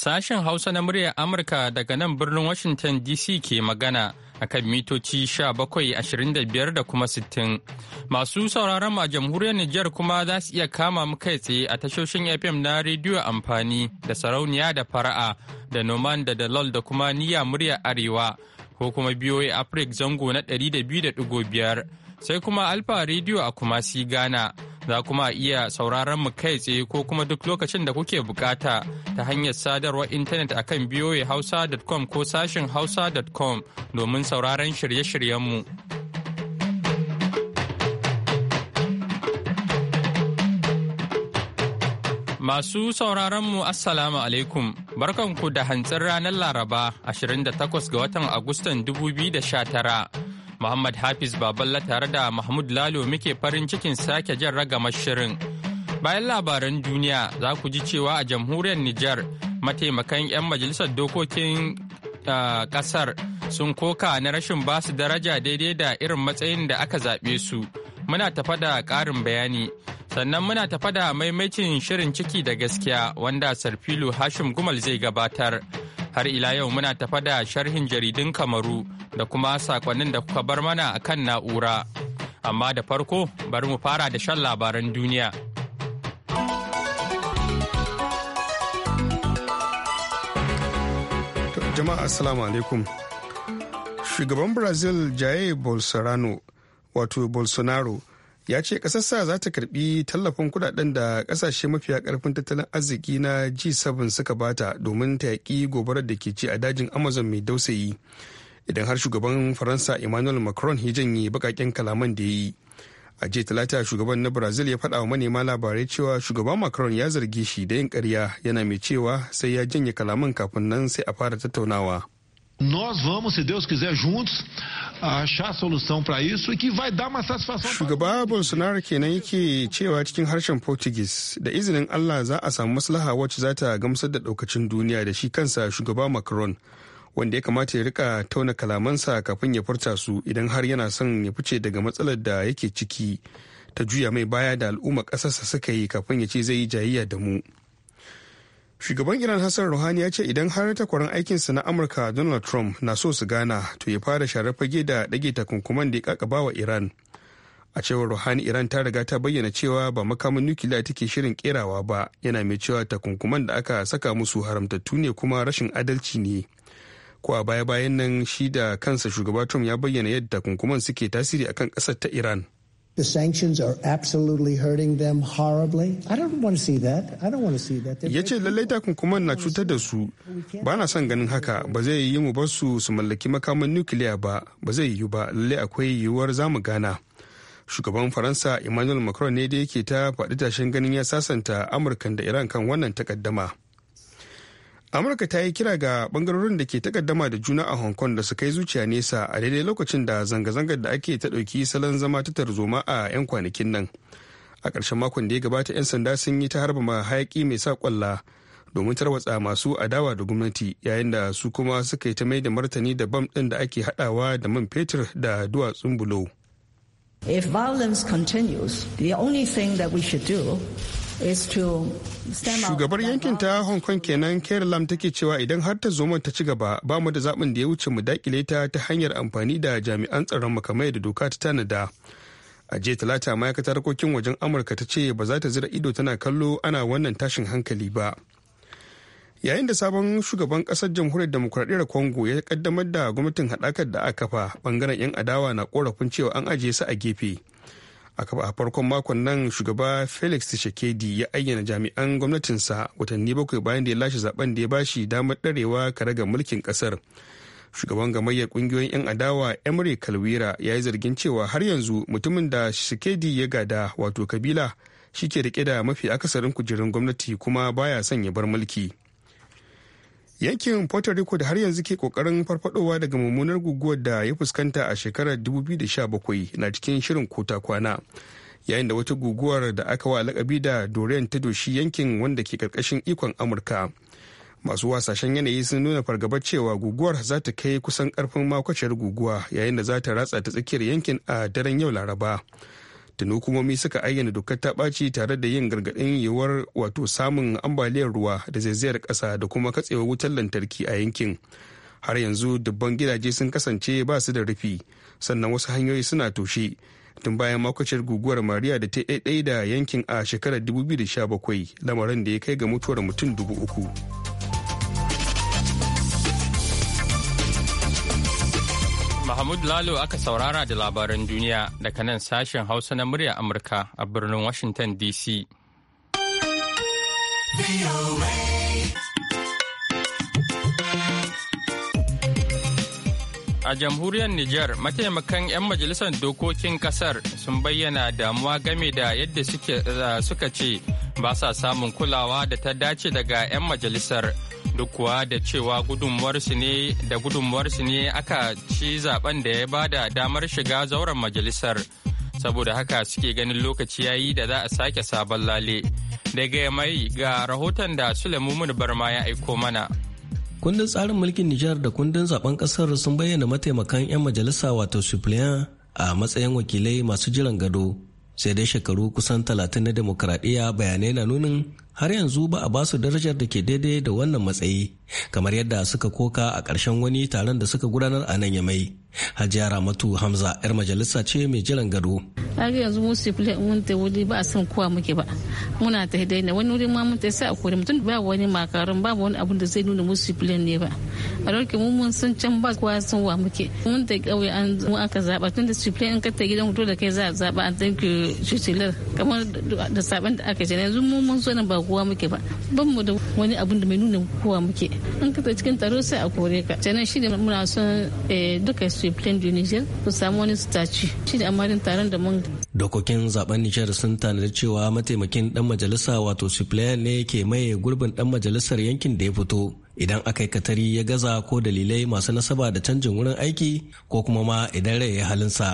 Sashen Hausa na muryar Amurka daga nan birnin Washington DC ke magana a kan mitoci 1725 da kuma 60. Masu sauraron a jamhuriyar Nijar kuma za su iya kama mu kai tsaye a tashoshin FM na rediyo amfani da sarauniya da fara'a da noman da dalol da kuma niyya muryar arewa ko kuma BOA Africa zango na 200.5 sai kuma Alfa Radio a Kumasi Ghana. Za kuma iya sauraron mu kai tsaye ko kuma duk lokacin da kuke bukata ta hanyar sadarwar intanet a akan hausa.com ko sashin hausa.com domin sauraron shirye-shiryenmu. Masu sauraronmu Assalamu alaikum, barkanku da hantsin ranar Laraba 28 ga watan Agustan 2019. Muhammad Hafiz Baballa tare da Mahmud Lalo muke farin cikin sake jan ragamar shirin. Bayan labaran duniya za ku ji cewa a jamhuriyar Nijar mataimakan 'yan majalisar dokokin kasar sun koka na rashin basu daraja daidai da irin matsayin da aka zaɓe su. Muna tafa da ƙarin bayani. Sannan muna tafa da maimacin shirin ciki da gaskiya wanda Sarfilu Hashim Gumal zai gabatar. Har ila yau muna tafa da sharhin jaridun Kamaru da kuma sakonnin da kuka bar mana a kan na'ura. Amma da farko bari mu fara da shan labaran duniya. Jama'a Assalamu alaikum. Shugaban Brazil jaye Bolsonaro wato Bolsonaro ya ce ƙasarsa za ta karbi tallafin kudaden da ƙasashe mafiya ƙarfin tattalin arziki na g7 suka bata domin ta yaƙi gobarar da ke ci a dajin amazon mai dausayi idan har shugaban faransa emmanuel macron ya janye bakaken kalaman da ya yi a jiya talata shugaban na brazil ya faɗa wa manema labarai cewa shugaban macron ya zarge shi da yin karya yana mai cewa sai ya janye kalaman kafin nan sai a fara tattaunawa. nós vamos, se Deus quiser, juntos achar solução para isso e que vai dar uma satisfação. Shugaba Bolsonaro kenan yake cewa cikin harshen Portuguese da izinin Allah za a samu maslaha wacce za ta gamsar da daukacin duniya da shi kansa shugaba Macron wanda ya kamata ya rika tauna kalamansa kafin ya furta su idan har yana son ya fice daga matsalar da yake ciki ta juya mai baya da al'umma ƙasarsa suka yi kafin ya ce zai yi jayayya da mu. shugaban iran hassan ruhani ya ce idan har takwaran aikinsa na amurka donald trump na so su gana to ya fara share fage da ɗage takunkuman da ya kakaba wa iran a cewar ruhani iran ta riga ta bayyana cewa ba makamin nukiliya take shirin kerawa ba yana mai cewa takunkuman da aka saka musu haramtattu ne kuma rashin adalci ne ko a baya-bayan nan shi da kansa shugaba trump ya bayyana yadda takunkuman suke tasiri akan kasar ta iran The sanctions are absolutely hurting them horribly. I don't want to see that. I don't want to see that. Ya ce lallai takunkuman na cutar da su. Ba na son ganin haka. Ba zai yi mu basu su mallaki makaman nukiliya ba. Ba zai yiwu ba. Lallai akwai yiwuwar zamu gana. Shugaban Faransa Emmanuel Macron ne da yake ta faɗi tashin ganin ya sasanta Amurkan da Iran kan wannan takaddama. amurka ta yi kira ga bangarorin da ke takaddama da juna a hong kong da su kai zuciya nesa a daidai lokacin da zanga-zangar da ake ta ɗauki salon zama ta tarzoma a 'yan kwanakin nan a ƙarshen makon da ya gabata 'yan sanda sun yi ta harba ma hayaƙi mai sa ƙwalla domin tarwatsa masu adawa da gwamnati yayin da su kuma suka yi ta mai da martani da bam ɗin da ake haɗawa da man fetur da duwatsun bulo. If violence continues, the only thing that we should do Shugabar yankin ta Hong Kong kenan Carrie Lam take cewa idan har ta zoma ta ci gaba ba mu da zaɓin da ya wuce mu dakile ta ta hanyar amfani da jami'an tsaron makamai da doka ta tanada. A jiya talata ma'aikatar harkokin wajen Amurka ta ce ba za ta zira ido tana kallo ana wannan tashin hankali ba. Yayin da sabon shugaban kasar jamhuriyar demokuraɗiyyar Congo ya kaddamar da gwamnatin haɗakar da aka kafa bangaren 'yan adawa na korafin cewa an ajiye su a gefe. a farkon makon nan shugaba felix tshisekedi ya ayyana jami'an gwamnatinsa watanni bakwai bayan da ya lashe zaben da ya bashi damar ɗarewa karagar mulkin ƙasar shugaban gamayyar kungiyoyin 'yan adawa emery kalwira ya yi zargin cewa har yanzu mutumin da tshisekedi ya gada wato kabila shi ke rike da mafi akasarin kujerun gwamnati kuma baya son ya bar mulki yankin puerto rico da har yanzu ke kokarin farfadowa daga mummunar guguwar da ya fuskanta a shekarar 2017 na cikin shirin kota kwana yayin da wata guguwar da aka wa lakabi da dorian ta doshi yankin wanda ke karkashin ikon amurka masu wasashen yanayi sun nuna fargabar cewa guguwar za ta kai kusan karfin makwacciyar guguwa yayin da za ta ratsa ta tsakiyar yankin a daren yau laraba tun hukumomi suka ayyana dokar ta ɓaci tare da yin gargaɗin yiwuwar wato samun ambaliyar ruwa da zaizayar ƙasa da kuma katsewar wutar lantarki a yankin har yanzu dubban gidaje sun kasance ba su da rufi sannan wasu hanyoyi suna toshe tun bayan makwacin guguwar mariya da ta ɗaiɗai da yankin a shekarar 2017 lamarin da ya kai ga mutuwar mutum dubu uku. Mahmud Lalo aka saurara da labaran duniya daga nan sashen Hausa na murya Amurka a birnin Washington DC. A jamhuriyar Nijar, mataimakan 'yan majalisar dokokin kasar sun bayyana damuwa game da yadda suka ce ba sa samun kulawa da ta dace daga 'yan majalisar. duk kuwa da cewa gudunmuwarsu ne da gudunmuwarsu ne aka ci zaben da ya ba da damar shiga zauren majalisar saboda haka suke ganin lokaci yayi da za a sake sabon lale daga mai ga rahoton da sulaimun barma ya aiko mana kundin tsarin mulkin nijar da kundin zaben kasar sun bayyana mataimakan 'yan majalisa wato suppliant a matsayin wakilai masu jiran gado sai dai shekaru kusan talatin na demokradiyya bayanai na nunin har yanzu ba a ba su darajar da ke daidai da wannan matsayi kamar yadda suka koka a ƙarshen wani taron da suka gudanar a nan ya mai hajiya ramatu hamza yar majalisa ce mai jiran gado har yanzu mu sifile mun ta wuri ba a san kowa muke ba muna ta daina wani wurin ma mun ta sa a kore mutum ba wani makarin ba wani abun da zai nuna mu sifile ne ba a rarke mu mun san can ba kowa san wa muke mun ta kauye an mu aka zaba tun da sifile in ka ta gidan hoto da kai za a zaba an tanke shucilar kamar da saban da aka ce yanzu mu mun so ba kowa muke ba ban mu da wani abun da mai nuna kowa muke in ka cikin taro sai a kore ka sannan shi da muna son eh, duka su plan du Niger su samu wani staci shi da amarin taron da mun dokokin zaben Niger sun tanadi cewa mataimakin dan majalisa wato supplier ne ke maye gurbin dan majalisar yankin da ya fito idan aka yi katari ya gaza ko dalilai masu nasaba da canjin wurin aiki ko kuma ma idan rai ya halinsa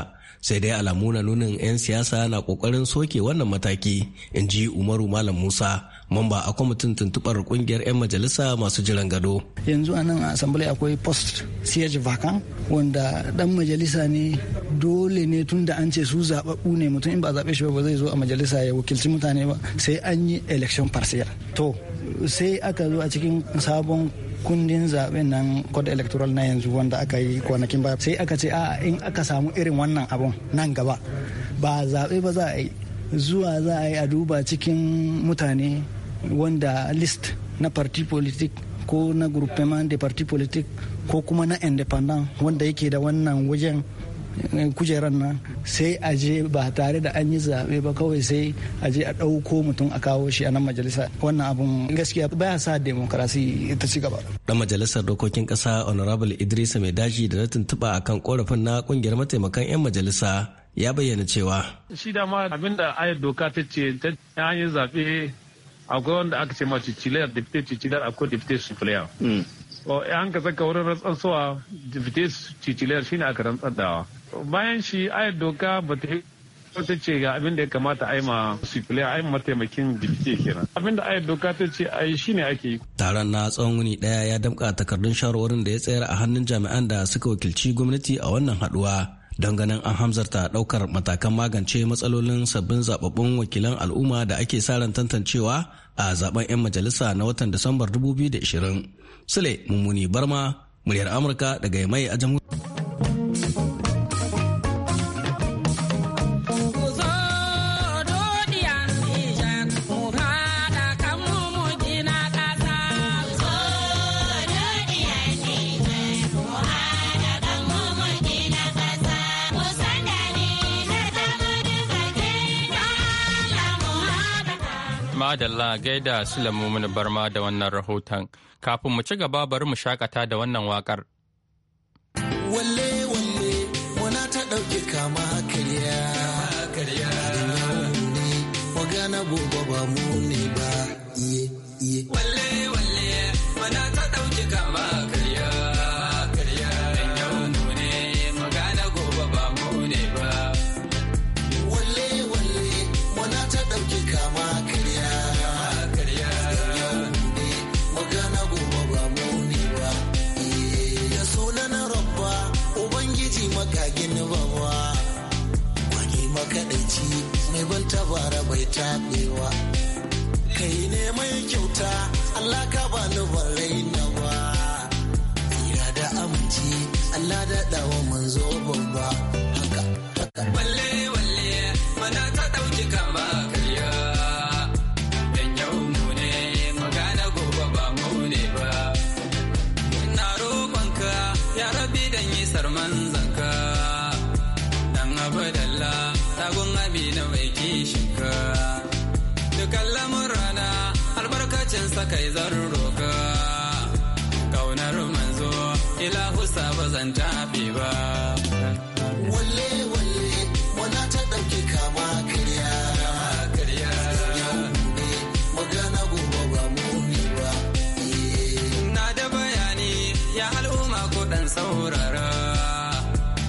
sai dai alamu na nunin 'yan siyasa na kokarin soke wannan mataki in ji umaru malam musa mamba a kwamitin tuntubar kungiyar 'yan majalisa masu jiran gado yanzu a nan a akwai post siege vacan wanda dan majalisa ne dole ne tun da an ce su zababbu ne mutum in ba zaɓe shi ba zai zo a majalisa ya wakilci mutane ba sai an yi election partial to sai aka zo a cikin sabon kundin zaben nan code electoral na yanzu wanda aka yi kwanakin ba sai aka ce a in aka samu irin wannan abun nan gaba ba zaɓe ba za a yi zuwa za a yi a duba cikin mutane wanda list na parti politik ko na groupement de parti politik ko kuma na independent wanda yake da wannan wajen eh, kujeran nan sai a je ba tare da an yi zaɓe ba kawai sai a je a ɗauko mutum a kawo shi a nan majalisa wannan abun gaskiya baya sa demokarasi ta ci gaba. Dan majalisar dokokin ƙasa honorable idrisa mai daji da na tuntuɓa kan korafin na ƙungiyar mataimakan 'yan majalisa ya bayyana cewa. Shi dama abinda ayar doka ta ce ta hanyar zaɓe akwai wanda aka ce ma cicilar deputy cicilar akwai deputy supplier hmm. eh, an ka saka wurin rantsarsuwa deputy cicilar shine aka rantsar dawa bayan shi ayi doka ba ta ta ce ga abin da ya kamata ai ma supplier ai mataimakin deputy kenan abin da ayi doka ta ce ai shine ake yi taron na tsawon wuni daya ya damka takardun shawarwarin da ya tsayar a hannun jami'an da suka wakilci gwamnati a wannan haɗuwa. don ganin an hamzarta ɗaukar matakan magance matsalolin sabbin zababbun wakilan al'umma da ake sa ran tantancewa a zaben 'yan majalisa na watan Disambar 2020. Sule Mummuni Barma, muryar Amurka daga Yamai a jamhuriyar. Madalla gaida mini Barma da wannan rahoton. Kafin mu ci gaba bari mu shakata da wannan wakar. Walle walle wana ta kama karya. ba ta bara bai taɓewa kai ne mai kyauta Allah ka ba ni ban raina ba ira da amince Allah da dawo manzo babba haka haka balle balle mana ta ɗauki kama karya dan yau mu magana gobe ba mu ba ya rabi dan yi sarman zanka dan abi na yi zan roka kaunar manzo ila husa ba zan tafi ba walle walle wana ta dauke kama karya karya magana gobe ba muni ba eh. na da bayani ya al'umma ko dan saurara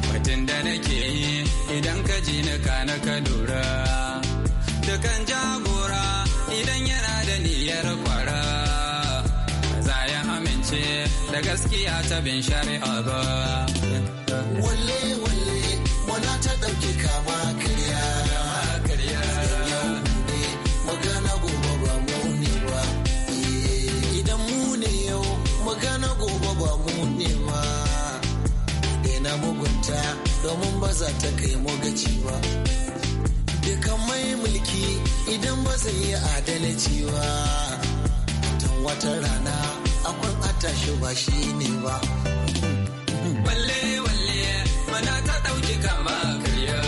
mutum da nake yi idan ka ji na ka na ka lura dukan jagora idan yana gaskiya ta bin shari'a ba. Walle walle wana ta ɗauki kama karya. Karya. Magana gobe ba mu ne ba. Eh, idan mu ne yau magana gobe ba mu ne ba. Daina mugunta domin ba za ta kai mu gaci ba. Dukan mai mulki idan ba zai yi adalci ba. Tun wata rana. sa shi ba shi ne ba. mana ta ɗauki kama karya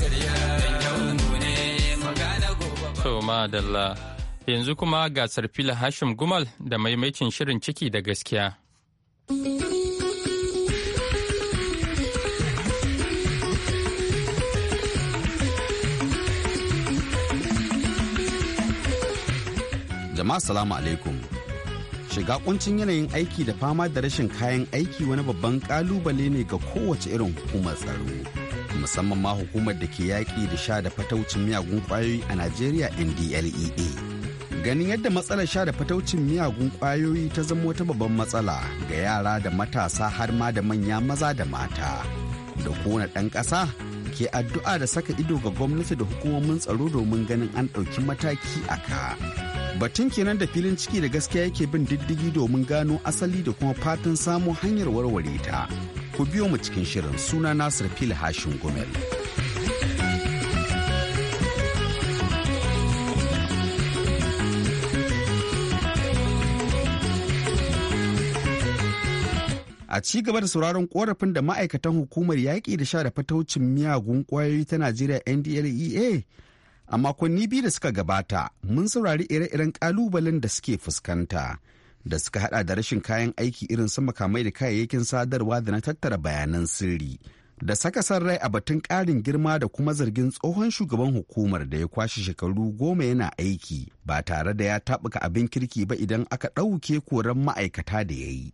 karya yau ne magana gobe. To Dalla, yanzu kuma gasar fila Hashim Gumal da maimacin shirin ciki da gaskiya. jama'a salamu alaikum shiga kuncin yanayin aiki da fama da rashin kayan aiki wani babban kalubale ne ga kowace irin hukumar tsaro musamman ma hukumar da ke yaƙi da sha da fataucin miyagun kwayoyi a najeriya ndlea ganin yadda matsalar sha da fataucin miyagun kwayoyi ta zama wata babban matsala ga yara da matasa har ma da manya maza da mata da kowane ɗan ƙasa ke addu'a da saka ido ga gwamnati da hukumomin tsaro domin ganin an ɗauki mataki a ka batun kenan da filin ciki da gaskiya yake bin diddigi domin gano asali da kuma fatan samun hanyar warware ta ku biyo mu cikin shirin suna nasir fil hashin gumel a ci gaba da sauraron korafin da ma'aikatan hukumar yaƙi da sha da fataucin miyagun ƙwayoyi ta najeriya ndlea a makonni biyu da suka gabata mun saurari ire-iren kalubalen da suke fuskanta da suka hada da rashin kayan aiki irin su makamai da kayayyakin sadarwa da na tattara bayanan sirri da saka san rai a batun karin girma da kuma zargin tsohon shugaban hukumar da ya kwashe shekaru goma yana aiki ba tare da ya taɓuka abin kirki ba idan aka ɗauke koran ma'aikata da ya yi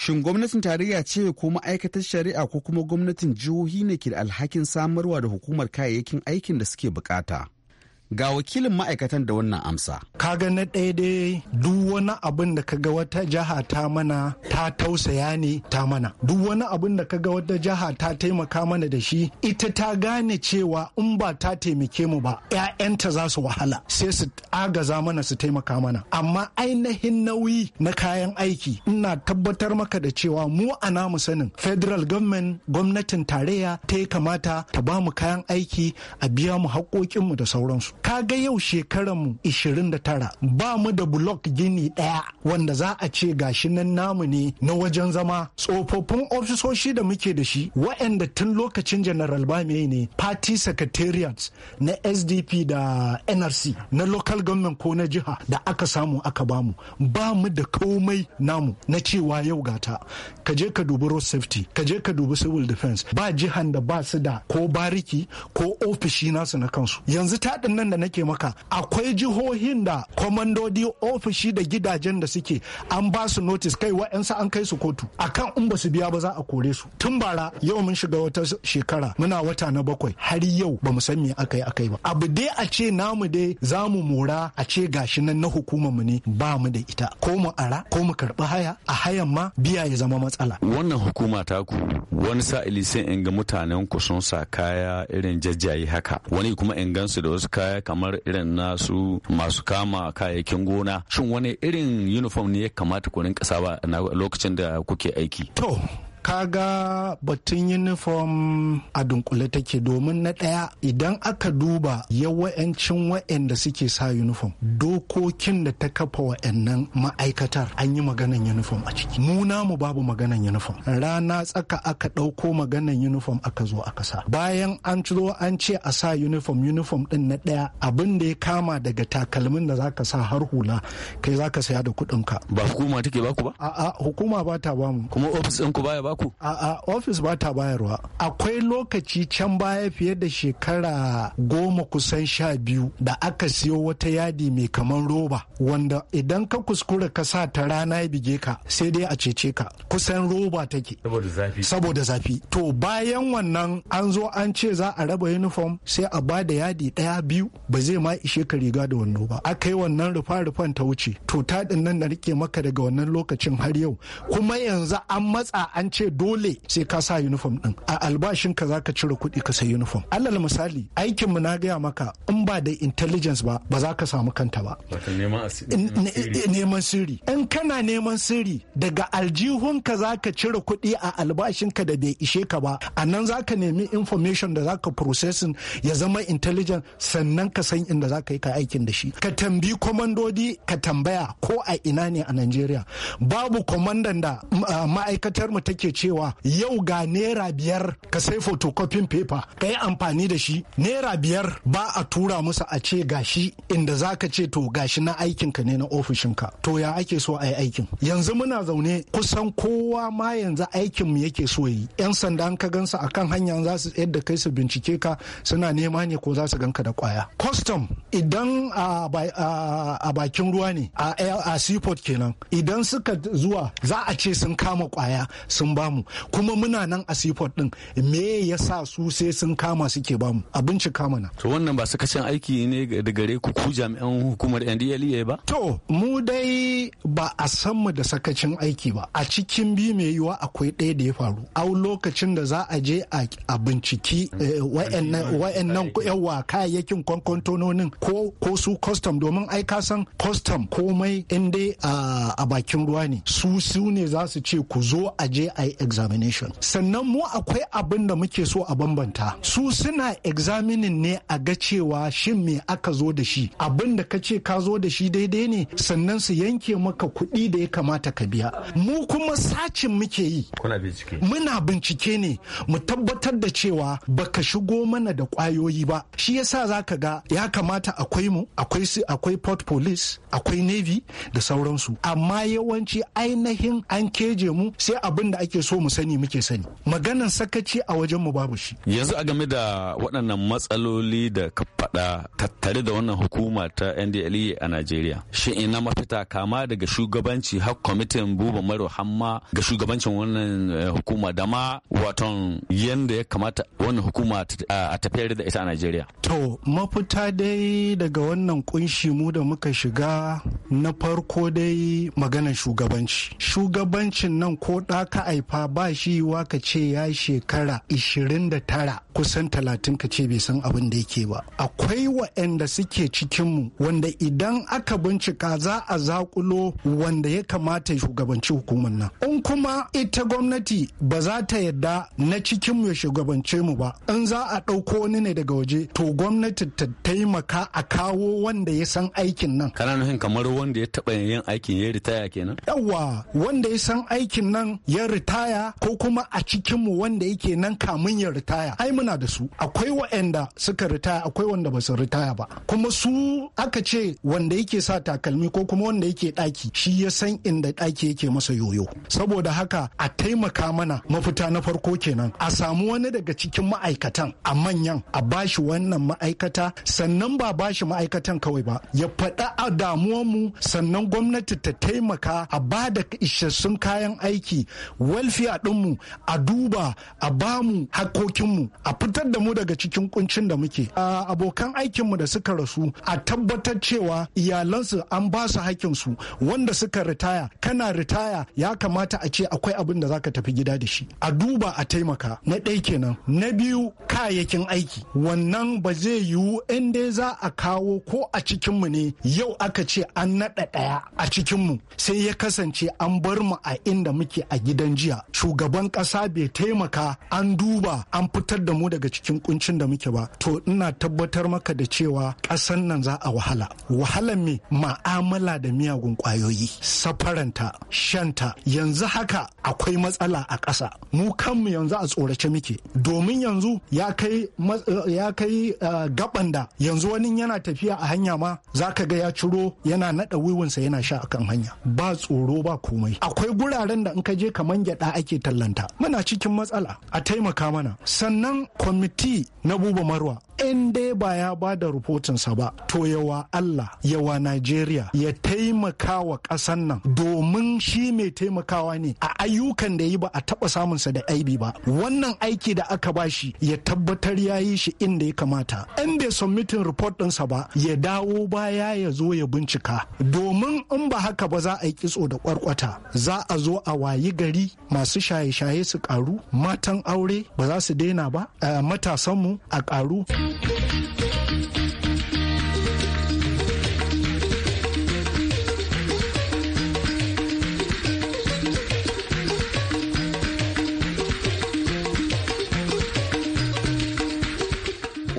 Shin gwamnatin tarayya ce ko ma'aikatar shari'a ko kuma gwamnatin jihohi ne ke da alhakin samarwa da hukumar kayayyakin aikin da suke bukata? ga wakilin ma'aikatan da wannan amsa. Kaga na ɗaya dai duk wani abin da kaga wata jaha ta mana ta tausaya ne ta mana. Duk wani abin da kaga wata jaha ta taimaka mana da shi ita ta gane cewa in ba ta taimake mu ba 'ya'yanta za su wahala sai su agaza mana su taimaka mana. Amma ainihin nauyi na kayan aiki ina tabbatar maka da cewa mu a namu sanin federal government gwamnatin tarayya ta kamata ta ba mu kayan aiki a biya mu haƙoƙinmu da sauransu. Ka ga yau shekaranmu 29 ba mu da blok gini ɗaya wanda za a ce gashi nan namu ne na wajen zama tsofaffin ofisoshi da muke da shi waɗanda tun lokacin general bame ne party secretariats na sdp da nrc na local government ko na jiha da aka samu aka bamu ba mu da komai namu na cewa yau gata ka je ka dubi road safety ka je ka dubi civil defense ba jihan da ba su da ko bariki ko ofishi nasu na kansu yanzu ta nan da nake maka akwai jihohin da kwamandodi ofishi da gidajen da suke an ba su notice kai wa'ansu an kai su kotu akan in ba su biya ba za a kore su tun bara yau mun shiga wata shekara muna wata na bakwai har yau ba mu san me aka yi aka yi ba abu dai a ce namu dai za mu mora a ce gashi nan na hukumar mu ne ba mu da ita ko mu ara ko mu karbi haya a hayan ma biya ya zama matsala wannan hukuma ta ku wani sa'ili sai in ga mutanen ku sun sa kaya irin jajjayi haka wani kuma in gansu da wasu kaya kamar irin nasu masu kama kayayyakin gona shin wani irin uniform ne ya kamata ku rinka ba a lokacin da kuke aiki to kaga batun uniform a dunkule take domin na ɗaya idan aka duba yawancin wa'anda suke sa uniform dokokin da ta kafa wa'annan ma'aikatar an yi maganan uniform a ciki Muna mu babu maganan uniform rana tsaka aka ɗauko maganan uniform aka zo aka sa bayan an ciro an ce a sa uniform uniform ɗin na ɗaya abin da ya kama daga takalmin da zaka sa har hula kai zaka saya da kuɗinka ba hukuma take baku ba a'a hukuma ba ta bamu kuma ofis ɗinku baya ba A, a'a ofis ba ta bayarwa akwai lokaci can baya fiye da shekara goma kusan sha biyu da aka siyo wata yadi mai kamar roba wanda idan ka kuskura ka sa ta rana ya bige ka sai dai a cece ka kusan roba take saboda zafi Saboda zafi. to bayan wannan an zo an ce za a raba uniform sai a ba da yadi ɗaya biyu ba zai ma ishe ka riga da wannan ba aka yi wannan rufa-rufan ta wuce to ta nan da rike maka daga wannan lokacin har yau kuma yanzu an matsa an ce ce dole sai ka sa uniform din a albashin ka zaka cire kuɗi ka sai uniform alal misali aikin mu na gaya maka in ba da intelligence ba ba za ka samu kanta ba neman sirri in kana neman sirri daga aljihunka za ka cire kuɗi a albashinka da bai ishe ka ba a nan za ka nemi information da za ka processing ya zama intelligent sannan ka san inda za ka yi ka aikin da shi ka tambi kwamandodi ka tambaya ko a ina ne a Najeriya babu kwamandan da ma'aikatar mu take cewa yau ga naira biyar ka sai photocopying paper ka yi amfani da shi naira biyar ba a tura musu a ce gashi inda za ka ce to gashi na aikinka ne na ofishinka to ya ake so a yi aikin yanzu muna zaune kusan kowa ma yanzu aikin mu yake so yi yan sanda an ka gansa akan hanya za su yadda kai su bincike ka suna nema ne ko za su ganka da kwaya custom idan a bakin ruwa ne a seaport kenan idan suka zuwa za a ce sun kama kwaya sun bamu kuma muna nan a seaport din me yasa su sai sun kama suke bamu abinci kama na to wannan ba su kace rashin aiki ne da gare ku ku jami'an hukumar NDLEA ba? To, mu dai ba a san mu da sakacin aiki ba. A cikin biyu mai yiwa akwai ɗaya da ya faru. Au lokacin da za a je a binciki eh, wa'annan yawa kayayyakin kwankwantononin ko ko su custom domin ai ka san custom komai in dai a bakin ruwa ne. Su su ne za su ce ku zo a je a yi examination. Sannan mu akwai abin da muke so a bambanta. Su suna examining ne a ga cewa shin me aka zo da shi abin da ka ce ka zo da shi daidai ne sannan su yanke maka kuɗi da ya kamata ka biya mu kuma sacin muke yi muna bincike ne mu tabbatar da cewa baka shigo mana da ƙwayoyi ba shi yasa za ka ga ya kamata akwai mu akwai su akwai port police akwai navy da sauransu amma yawanci ainihin an keje mu sai abin da ake so mu sani muke sani maganan sakaci a wajen mu babu shi yanzu a game da waɗannan matsaloli da ka faɗa da tattare da wannan hukuma ta ndle a najeriya Shin ina mafita kama daga shugabanci har kwamitin buba maro hamma ga shugabancin wannan eh, hukuma da ma waton yadda ya kamata wannan hukuma a tafiyar da ita a najeriya to mafita dai daga wannan kunshi mu da muka shiga na farko dai maganar shugabanci shugabancin nan ko ɗaka aifa ba shi yiwa ka ce ya shekara 29 kusan 30 ka ce bai san abin da yake ba akwai waɗanda suke cikinmu wanda idan aka bincika za a zakulo wanda ya kamata ya shugabanci hukumar nan in kuma ita gwamnati ba za ta yarda na cikinmu ya shugabance mu ba in za a ɗauko wani ne daga waje to gwamnati ta taimaka a kawo wanda ya san aikin nan kana nufin kamar wanda ya taɓa yin aikin ya ritaya kenan yawa wanda ya san aikin nan ya ritaya ko kuma a cikinmu wanda yake nan kamun ya ritaya ai muna da su akwai waɗanda suka ritaya akwai wanda ba ba su ritaya ba kuma su aka ce wanda yake sa takalmi ko kuma wanda yake ɗaki shi ya san inda ɗaki yake masa yoyo saboda haka a taimaka mana mafita na farko kenan a samu wani daga cikin ma'aikatan a manyan a bashi wannan ma'aikata sannan ba bashi ma'aikatan kawai ba ya faɗa a mu sannan gwamnati ta taimaka a ba da isassun kayan aiki welfare ɗinmu a duba a bamu hakokinmu a fitar da mu daga cikin kuncin da muke abokan abokan aikinmu da suka rasu a tabbatar cewa iyalansu an ba su haƙƙinsu wanda suka ritaya kana ritaya ya kamata a ce akwai abin da zaka tafi gida da shi a duba a taimaka na ɗaya kenan na biyu kayayyakin aiki wannan ba zai yiwu in dai za a kawo ko a cikinmu ne yau aka ce an naɗa ɗaya a cikinmu sai ya kasance an bar mu a inda muke a gidan jiya shugaban ƙasa bai taimaka an duba an fitar da mu daga cikin kuncin da muke ba to ina tabbatar maka maka da cewa ƙasan nan za a wahala wahala me ma'amala da miyagun kwayoyi safaranta shanta yanzu haka akwai matsala a ƙasa mu kanmu yanzu a tsorace muke domin yanzu ya kai ya eh, gaban da yanzu wani yana tafiya a hanya ma za ka ga ya ciro yana naɗa wiwinsa yana sha akan hanya ba tsoro ba komai akwai guraren da in ka je kaman gyaɗa ake tallanta muna cikin matsala a taimaka mana sannan kwamiti na buba marwa in dai ba ya ba da rufotinsa ba to yawa Allah yawa Najeriya ya taimaka wa ƙasan nan domin shi mai taimakawa ne a ayyukan da yi ba a taɓa samunsa da aibi ba wannan aiki da aka bashi ya tabbatar ya yi shi inda ya kamata in bai submitin report ɗinsa ba ya dawo baya ya zo ya bincika domin in ba haka ba za a yi kitso da kwarkwata za a zo a wayi gari masu shaye-shaye su karu matan aure ba za su daina ba eh, matasanmu a karu.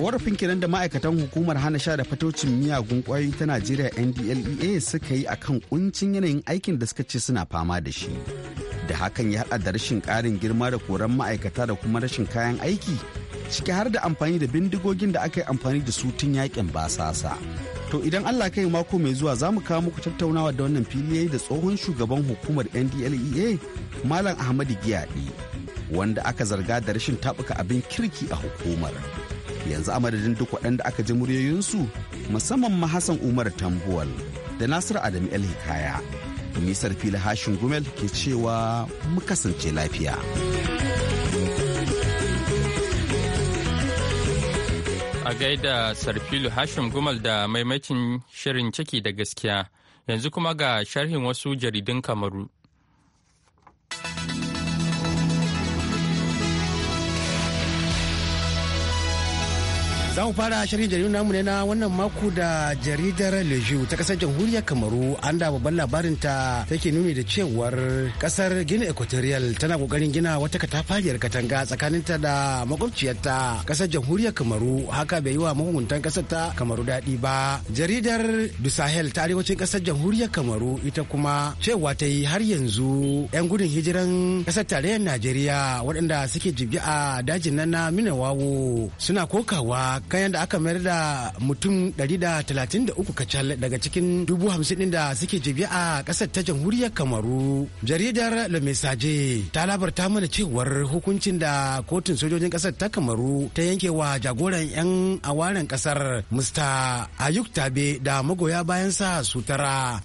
korafin kiran da ma'aikatan hukumar hana sha da fatocin miyagun kwayoyi ta najeriya ndlea suka yi akan kuncin yanayin aikin da suka ce suna fama da shi da hakan ya haɗa da rashin ƙarin girma da koran ma'aikata da kuma rashin kayan aiki ciki har da amfani da bindigogin da aka yi amfani da su tun yakin basasa. To idan Allah kai mako mai zuwa za mu kawo muku tattaunawa da wannan fili da tsohon shugaban hukumar NDLEA Malam Ahmadu Giyadi wanda aka zarga da rashin tabuka abin kirki a hukumar. Yanzu a madadin duk waɗanda aka ji muryoyinsu musamman ma Hassan Umar Tambuwal da Nasiru Adamu El Hikaya. Nisar fili hashin gumel ke cewa mu kasance lafiya. A gaida Sarfilu Hashim Gumal da maimacin shirin ciki da gaskiya, yanzu kuma ga sharhin wasu jaridun Kamaru. Za mu fara shirin jaridar namu ne na wannan mako da jaridar Leju ta kasar jamhuriyar Kamaru an da babban labarin ta take nuni da cewar kasar guinea Equatorial tana kokarin gina wata katafariyar katanga tsakanin ta da makwabciyarta kasar jamhuriyar Kamaru haka bai yi wa mahukuntan kasar ta Kamaru daɗi ba. Jaridar Du Sahel ta arewacin kasar jamhuriyar Kamaru ita kuma cewa ta yi har yanzu 'yan gudun hijiran kasar tarayyar Najeriya waɗanda suke jibi a dajin nan na Minawawo suna kokawa kan yadda aka mayar da mutum 133 kacal daga cikin 50,000 da suke jibi a kasar ta jamhuriyar kamaru jaridar le message ta labarta mana cewar hukuncin da kotun sojojin kasar ta kamaru ta yanke wa jagoran 'yan awaren kasar mr ayuk tabe da magoya bayansa su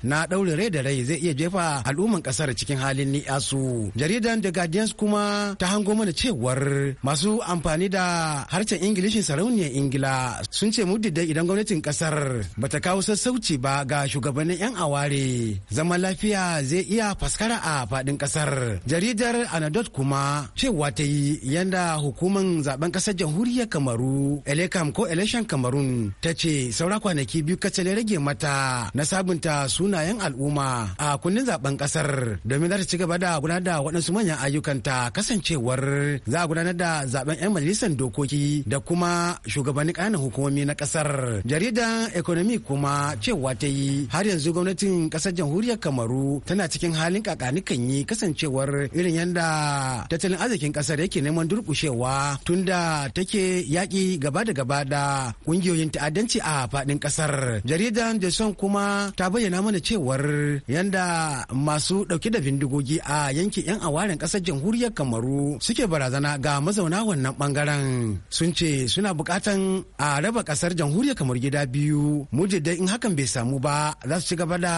na daure rai da rai zai iya jefa al'umman kasar cikin halin ni'asu jaridar the guardians kuma ta hango mana cewar masu amfani da harshen ingilishin sarauniyar ingila sun ce muddin idan gwamnatin kasar bata kawo sassauci ba ga shugabannin 'yan aware zama lafiya zai iya faskara a faɗin kasar jaridar anadot kuma cewa ta yi yanda hukumar zaben kasar jamhuriyar kamaru elekam ko election kamarun ta ce saura kwanaki biyu kacale rage mata na sabunta sunayen al'umma a kundin zaben kasar domin za ta ci gaba da gudanar da waɗansu manyan ayyukanta kasancewar za a gudanar da zaben 'yan majalisar dokoki da kuma shugaban shugabannin kanin hukumomi na ƙasar jarida economy kuma cewa ta yi har yanzu gwamnatin ƙasar jamhuriyar kamaru tana cikin halin kakanikan yi kasancewar irin yadda tattalin arzikin ƙasar yake neman durkushewa tunda take yaƙi gaba da gaba da ƙungiyoyin ta'addanci a faɗin ƙasar jaridan da son kuma ta bayyana mana cewar yadda masu ɗauke da bindigogi a yankin 'yan awarin ƙasar jamhuriyar kamaru suke barazana ga mazauna wannan bangaren sun ce suna bukatan a raba kasar jamhuriyar kamar gida biyu mujaddai in hakan bai samu ba za su ci gaba da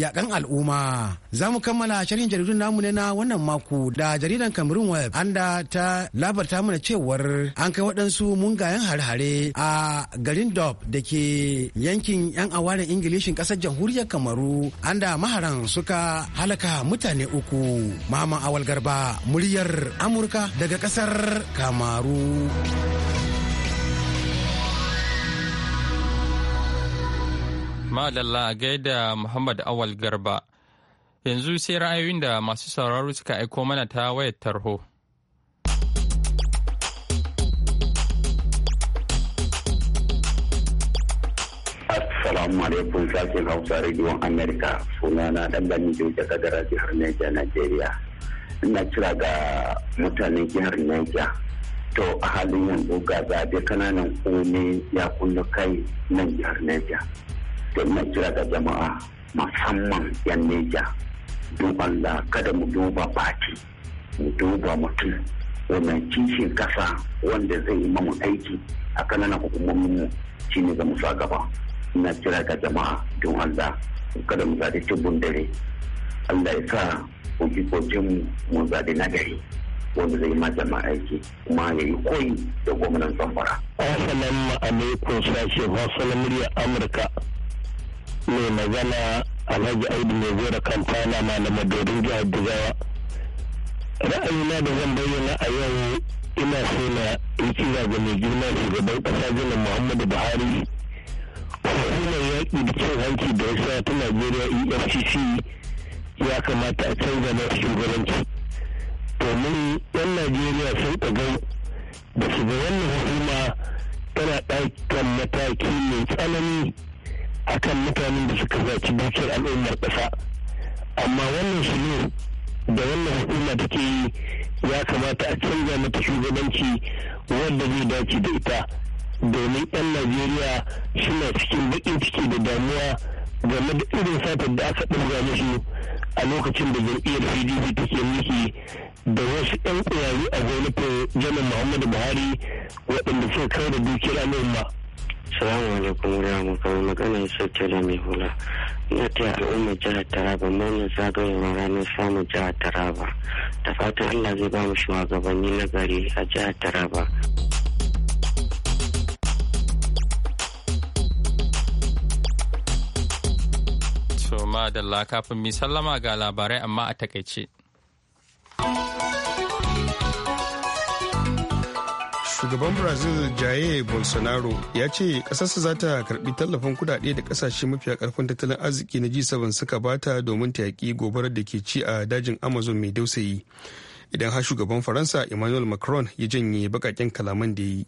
yakan al'umma za mu kammala sharhin jaridun namu ne na wannan mako da jaridan cameroon web anda ta labarta mana cewar an kai waɗansu mungayen hare-hare a garin dob da ke yankin 'yan awarin ingilishin ƙasar jamhuriyar kamaru anda maharan suka halaka mutane uku mama awal garba muryar amurka daga kasar kamaru. Madalla gaida Muhammad Awal Garba. Yanzu sai ra'ayoyin da masu sauraro suka aiko mana ta wayar tarho. Assalamu alaikum sashen Hausa rediyon Amerika sunana dan bani Joja Kadara jihar Niger Nigeria. Ina kira ga mutanen jihar Niger to a halin yanzu ga zaɓe kananan kome ya kullu kai nan jihar Niger. da na kira ga jama'a musamman yan neja don Allah kada mu duba baki mu duba mutum wannan kishin kasa wanda zai yi mamu aiki a kananan hukumomin mu shine ga sa gaba ina kira ga jama'a don Allah kada mu zaɗi tubun dare Allah ya sa kokin mu mu na gari wanda zai ma jama'a aiki kuma ya yi koyi da gwamnan zamfara. Assalamu alaikum sashe Hausa na murya Amurka. mai magana alhaji audu mai zora ma malama dorin jihar jigawa ra'ayina da zan bayyana a yau ina so na yi kira ga mai girma shugaban kasa jinin muhammadu buhari hukumar yaƙi da cin hanci da wasu ta najeriya efcc ya kamata a canza na shugabanci domin yan najeriya sun ɗaga da shugaban hukuma tana ɗaukan mataki mai tsanani akan mutanen da suka zaci dukiyar al'ummar ƙasa amma wannan sulhu da wannan hukuma take yi ya kamata a canza mata shugabanci wanda zai dace da ita domin 'yan najeriya suna cikin baƙin ciki da damuwa game da irin satar da aka ɗaura musu a lokacin da jam'iyyar pdp take mulki da wasu 'yan ƙurari a gwamnatin janar muhammadu buhari waɗanda suka kawo da dukiyar al'umma Salamu alaikum mu muka magana sauke da mai hula. Na taya al'ummar jihar Taraba murnar zagayowar ranar samun jihar Taraba. Da fatan Allah zai ba mu shugabanni na gari a jihar Taraba. So, da kafin mi sallama ga labarai amma a takaice. shugaban brazil jaye bolsonaro ya ce kasarsa za ta karbi tallafin kudade da kasashe mafiya karfin tattalin arziki na g7 suka bata domin ta yaƙi gobarar da ke ci a dajin amazon mai dausayi idan har shugaban faransa emmanuel macron ya janye bakaken kalaman da ya yi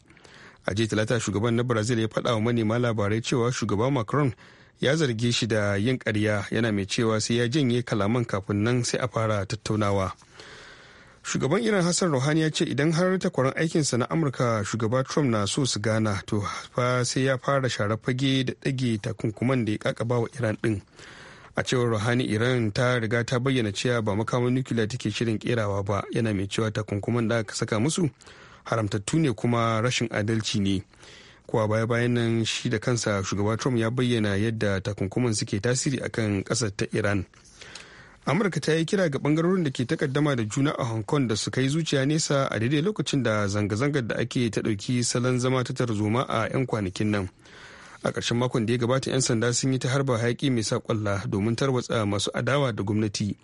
a jiya talata shugaban na brazil ya faɗa wa manema labarai cewa shugaban macron ya zarge shi da yin ƙarya yana mai cewa sai ya janye kalaman kafin nan sai a fara tattaunawa. shugaban iran hassan rouhani ya ce idan har takwaran aikinsa na amurka shugaba trump na so su gana to fa sai ya fara share fage da ɗage takunkuman da ya kakaba wa iran din a cewar rouhani iran ta riga ta bayyana cewa ba makaman nukiliya take shirin kerawa ba yana mai cewa takunkuman da aka saka musu haramtattu ne kuma rashin adalci ne kuwa baya bayan nan shi da kansa shugaba trump ya bayyana yadda takunkuman suke tasiri akan kasar ta iran amurka ta yi kira ga bangarorin da ke takaddama da juna a hong kong da su kai zuciya nesa a daidai lokacin da zanga-zangar da ake ta dauki salon zama ta tarzoma a 'yan kwanakin nan a ƙarshen makon da ya gabata 'yan sanda sun yi ta harba hayaƙi mai sa kwalla domin tarwatsa masu adawa da gwamnati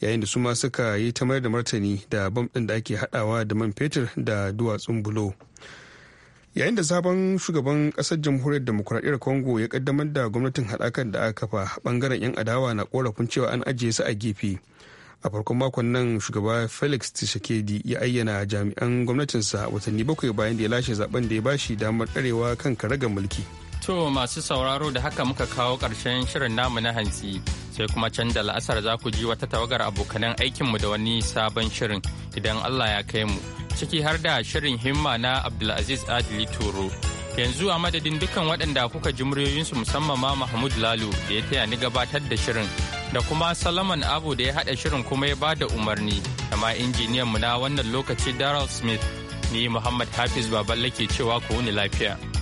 yayin da su ma suka yi ta mayar da martani da bam ɗin da ake haɗawa da man fetur da duwatsun bulo yayin da sabon shugaban kasar jamhuriyar demokuraɗiyyar congo ya kaddamar da gwamnatin haɗakar da aka kafa bangaren 'yan adawa na korafin cewa an ajiye su a gefe a farkon makon nan shugaba felix tshisekedi ya ayyana jami'an gwamnatinsa watanni bakwai bayan da ya lashe zaben da ya bashi damar ɗarewa kan karagar mulki to masu sauraro da haka muka kawo ƙarshen shirin namu na hantsi sai kuma can da la'asar za ku ji wata tawagar abokanan aikinmu da wani sabon shirin idan allah ya kai mu ciki har da shirin himma na Abdulaziz Adili Toro. Yanzu a madadin dukkan waɗanda kuka ji muryoyinsu musamman ma Mahmud lalu da ya taya ni gabatar da shirin da kuma Salaman Abu da ya haɗa shirin kuma ya ba da umarni da ma injiniyan mu na wannan lokaci Daryl Smith ni Muhammad Hafiz Baballe ke cewa ku wuni lafiya.